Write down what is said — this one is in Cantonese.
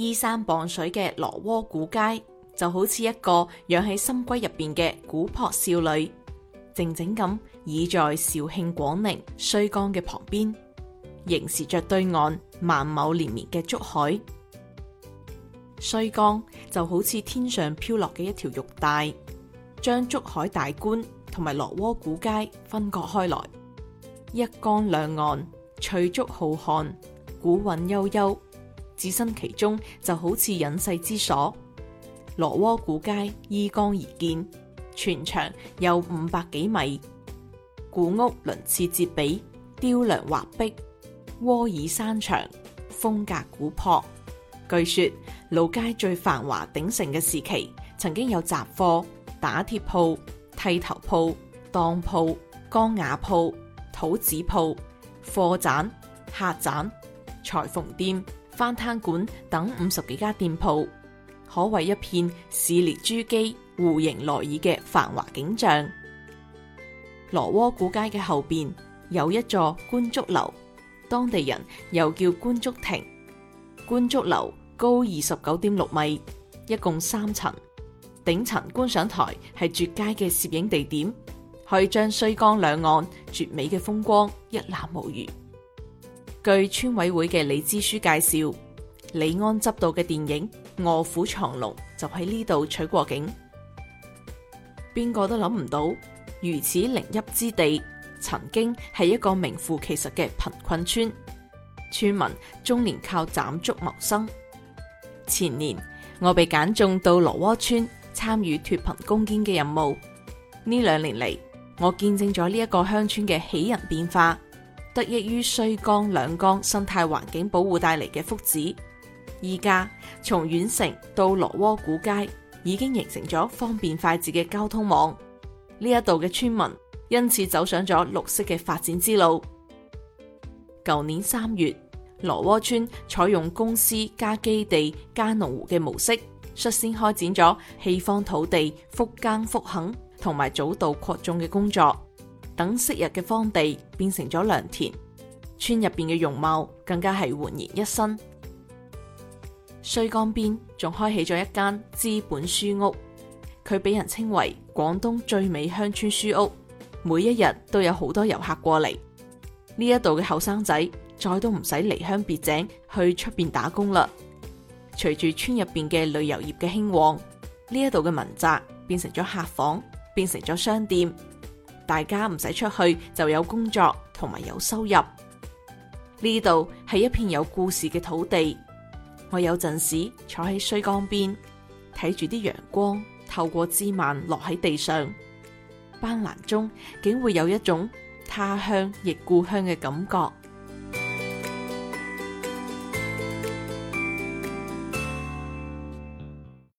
依山傍水嘅羅鍋古街就好似一個養喺深閨入邊嘅古樸少女，靜靜咁倚在肇慶廣寧綏江嘅旁邊，凝視着對岸萬畝連綿嘅竹海。綏江就好似天上飄落嘅一條玉帶，將竹海大觀同埋羅鍋古街分割開來。一江兩岸翠竹浩瀚，古韻悠悠。置身其中就好似隱世之所。羅鍋古街依江而建，全長有五百幾米，古屋鱗次櫛比，雕梁畫壁，鍋耳山牆，風格古樸。據說老街最繁華鼎盛嘅時期，曾經有雜貨、打鐵鋪、剃頭鋪、當鋪、缸瓦鋪、土紙鋪、貨棧、客棧、裁縫店。蕃攤館等五十幾家店鋪，可謂一片市列珠璣、戶盈羅綺嘅繁華景象。羅鍋古街嘅後邊有一座觀竹樓，當地人又叫觀竹亭。觀竹樓高二十九點六米，一共三層，頂層觀賞台係絕佳嘅攝影地點，可以將綏江兩岸絕美嘅風光一覽無餘。據村委會嘅李支書介紹，李安執導嘅電影《卧虎藏龍》就喺呢度取過景。邊個都諗唔到，如此靈邑之地，曾經係一個名副其實嘅貧困村，村民終年靠斬竹謀生。前年，我被揀中到羅鍋村參與脫貧攻堅嘅任務。呢兩年嚟，我見證咗呢一個鄉村嘅喜人變化。.得益於綏江兩江生態環境保護帶嚟嘅福祉，而家從縣城到羅鍋古街已經形成咗方便快捷嘅交通網，呢一度嘅村民因此走上咗綠色嘅發展之路。舊年三月，羅鍋村採用公司加基地加農戶嘅模式，率先開展咗棄荒土地復耕復墾同埋早稻擴種嘅工作。等昔日嘅荒地變成咗良田，村入邊嘅容貌更加係煥然一新。綏江邊仲開起咗一間知本書屋，佢俾人稱為廣東最美鄉村書屋。每一日都有好多遊客過嚟。呢一度嘅後生仔再都唔使離鄉別井去出邊打工啦。隨住村入邊嘅旅遊業嘅興旺，呢一度嘅民宅變成咗客房，變成咗商店。大家唔使出去就有工作同埋有收入，呢度係一片有故事嘅土地。我有陣時坐喺綏江邊睇住啲陽光透過枝蔓落喺地上，斑斕中竟會有一種他鄉亦故鄉嘅感覺。